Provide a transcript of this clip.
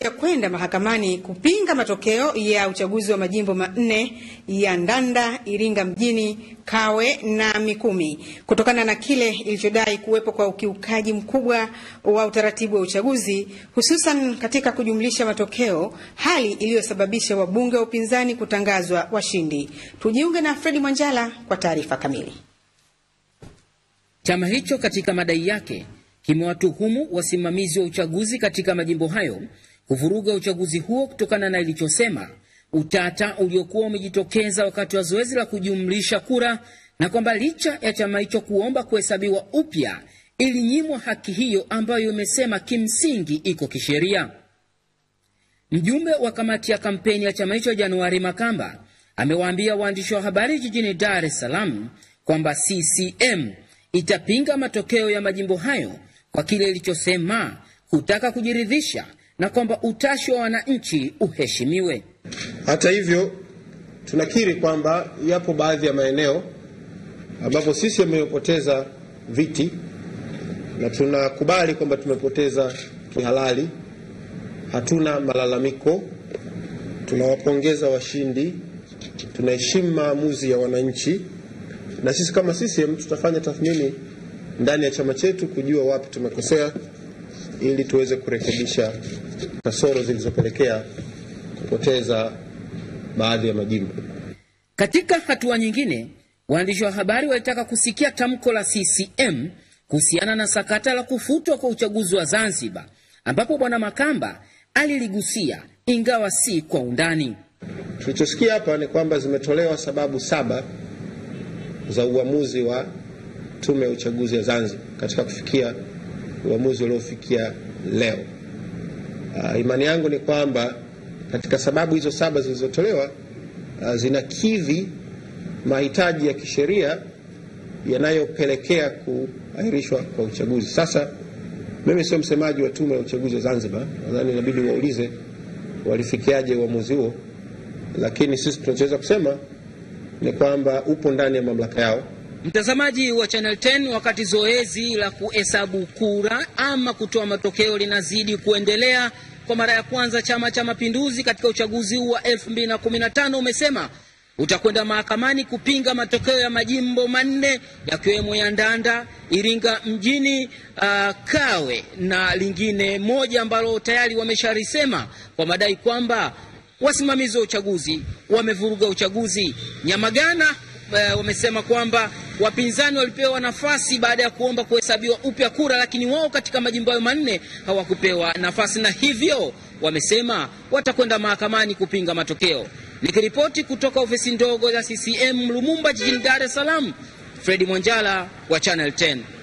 ya kwenda mahakamani kupinga matokeo ya uchaguzi wa majimbo manne ya Ndanda, Iringa mjini, Kawe na Mikumi kutokana na kile ilichodai kuwepo kwa ukiukaji mkubwa wa utaratibu wa uchaguzi hususan katika kujumlisha matokeo, hali iliyosababisha wabunge wa upinzani kutangazwa washindi. Tujiunge na Fredi Mwanjala kwa taarifa kamili. Chama hicho katika madai yake kimewatuhumu wasimamizi wa uchaguzi katika majimbo hayo kuvuruga uchaguzi huo kutokana na ilichosema utata uliokuwa umejitokeza wakati wa zoezi la kujumlisha kura na kwamba licha ya chama hicho kuomba kuhesabiwa upya ilinyimwa haki hiyo ambayo imesema kimsingi iko kisheria. Mjumbe wa kamati ya kampeni ya chama hicho Januari Makamba amewaambia waandishi wa habari jijini Dar es Salaam kwamba CCM itapinga matokeo ya majimbo hayo kwa kile ilichosema kutaka kujiridhisha na kwamba utashi wa wananchi uheshimiwe. Hata hivyo, tunakiri kwamba yapo baadhi ya maeneo ambapo sisi tumepoteza viti na tunakubali kwamba tumepoteza kihalali. Hatuna malalamiko, tunawapongeza washindi, tunaheshimu maamuzi ya wananchi, na sisi kama CCM tutafanya tathmini ndani ya chama chetu kujua wapi tumekosea ili tuweze kurekebisha kasoro zilizopelekea kupoteza baadhi ya majimbo. Katika hatua nyingine, waandishi wa habari walitaka kusikia tamko la CCM kuhusiana na sakata la kufutwa kwa uchaguzi wa Zanzibar, ambapo Bwana Makamba aliligusia ingawa si kwa undani. Tulichosikia hapa ni kwamba zimetolewa sababu saba za uamuzi wa Tume ya Uchaguzi ya Zanzibar katika kufikia uamuzi uliofikia leo. Uh, imani yangu ni kwamba katika sababu hizo saba zilizotolewa uh, zinakidhi mahitaji ya kisheria yanayopelekea kuahirishwa kwa uchaguzi. Sasa mimi sio msemaji wa tume ya uchaguzi wa Zanzibar, nadhani inabidi waulize walifikiaje uamuzi huo, lakini sisi tunachoweza kusema ni kwamba upo ndani ya mamlaka yao. Mtazamaji wa Channel 10, wakati zoezi la kuhesabu kura ama kutoa matokeo linazidi kuendelea, kwa mara ya kwanza Chama cha Mapinduzi katika uchaguzi huu wa 2015 umesema utakwenda mahakamani kupinga matokeo ya majimbo manne yakiwemo ya Ndanda, Iringa mjini, uh, Kawe na lingine moja ambalo tayari wameshalisema kwa madai kwamba wasimamizi wa uchaguzi wamevuruga uchaguzi. Nyamagana uh, wamesema kwamba Wapinzani walipewa nafasi baada ya kuomba kuhesabiwa upya kura, lakini wao katika majimbo hayo manne hawakupewa nafasi, na hivyo wamesema watakwenda mahakamani kupinga matokeo. Nikiripoti kutoka ofisi ndogo za CCM Lumumba jijini Dar es Salaam, Fredi Mwanjala wa Channel 10.